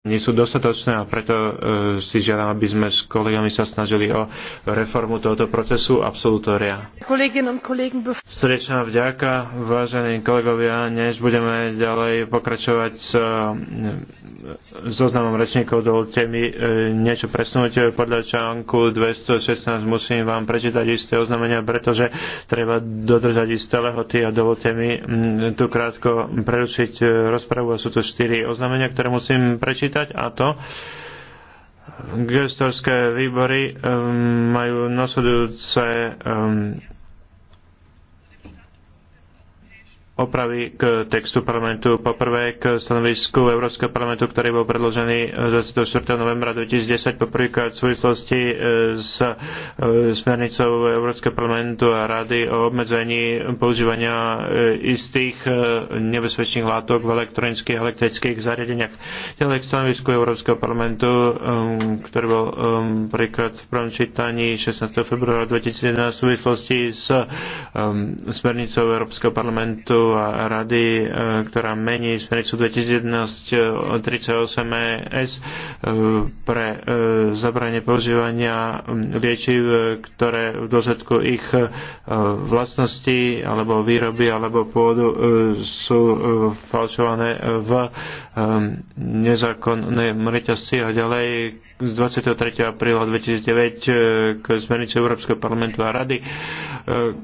nie sú dostatočné a preto e, si žiadam, aby sme s kolegami sa snažili o reformu tohoto procesu absolutória. Srdečná vďaka, vážení kolegovia, než budeme ďalej pokračovať s zoznamom rečníkov dovolte mi e, niečo presnúť. Podľa článku 216 musím vám prečítať isté oznamenia, pretože treba dodržať isté lehoty a dovolte mi mm, tu krátko prerušiť e, rozpravu a sú to štyri oznamenia, ktoré musím prečítať a to gestorské výbory e, majú nasledujúce opravy k textu parlamentu. Poprvé k stanovisku Európskeho parlamentu, ktorý bol predložený 24. E, novembra 2010 poprvýkrát v súvislosti e, s e, smernicou Európskeho parlamentu a rady o obmedzení používania istých nebezpečných látok v elektronických a elektrických zariadeniach. Ďalej k stanovisku Európskeho parlamentu, ktorý bol prvýkrát v prvom čítaní 16. februára 2011 v súvislosti s smernicou Európskeho parlamentu a rady, e, ktorá mení smernicu 2011-38-ES e, e pre zabranie používania liečiv, ktoré v dôsledku ich vlastnosti alebo výroby alebo pôdu sú falšované v nezákonnom reťazci a ďalej z 23. apríla 2009 k smernici Európskeho parlamentu a rady,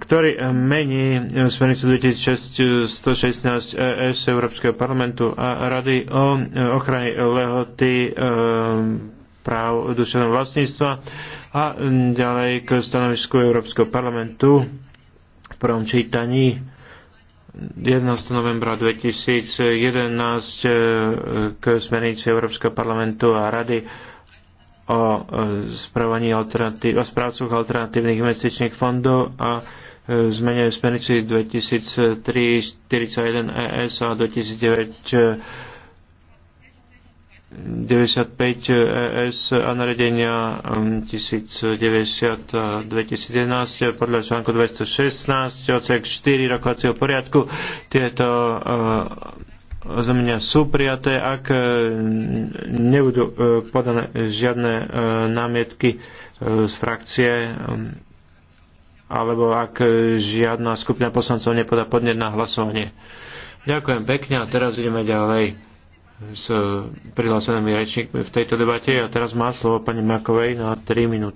ktorý mení smernicu 2006 116 ES Európskeho parlamentu a Rady o e, ochrane lehoty e, práv duševného vlastníctva a ďalej k stanovisku Európskeho parlamentu v prvom čítaní 11. novembra 2011 e, k smernici Európskeho parlamentu a Rady o, o správcoch alternatívnych investičných fondov a zmene smernici 2003-41 ES a 2009 95 ES a naredenia 1090 2011 podľa článku 216 odsek 4 rokovacieho poriadku tieto uh, oznámenia sú prijaté, ak uh, nebudú uh, podané žiadne námietky z frakcie um, alebo ak žiadna skupina poslancov nepodá podnet na hlasovanie. Ďakujem pekne a teraz ideme ďalej s prihlásenými rečníkmi v tejto debate a teraz má slovo pani Makovej na 3 minúty.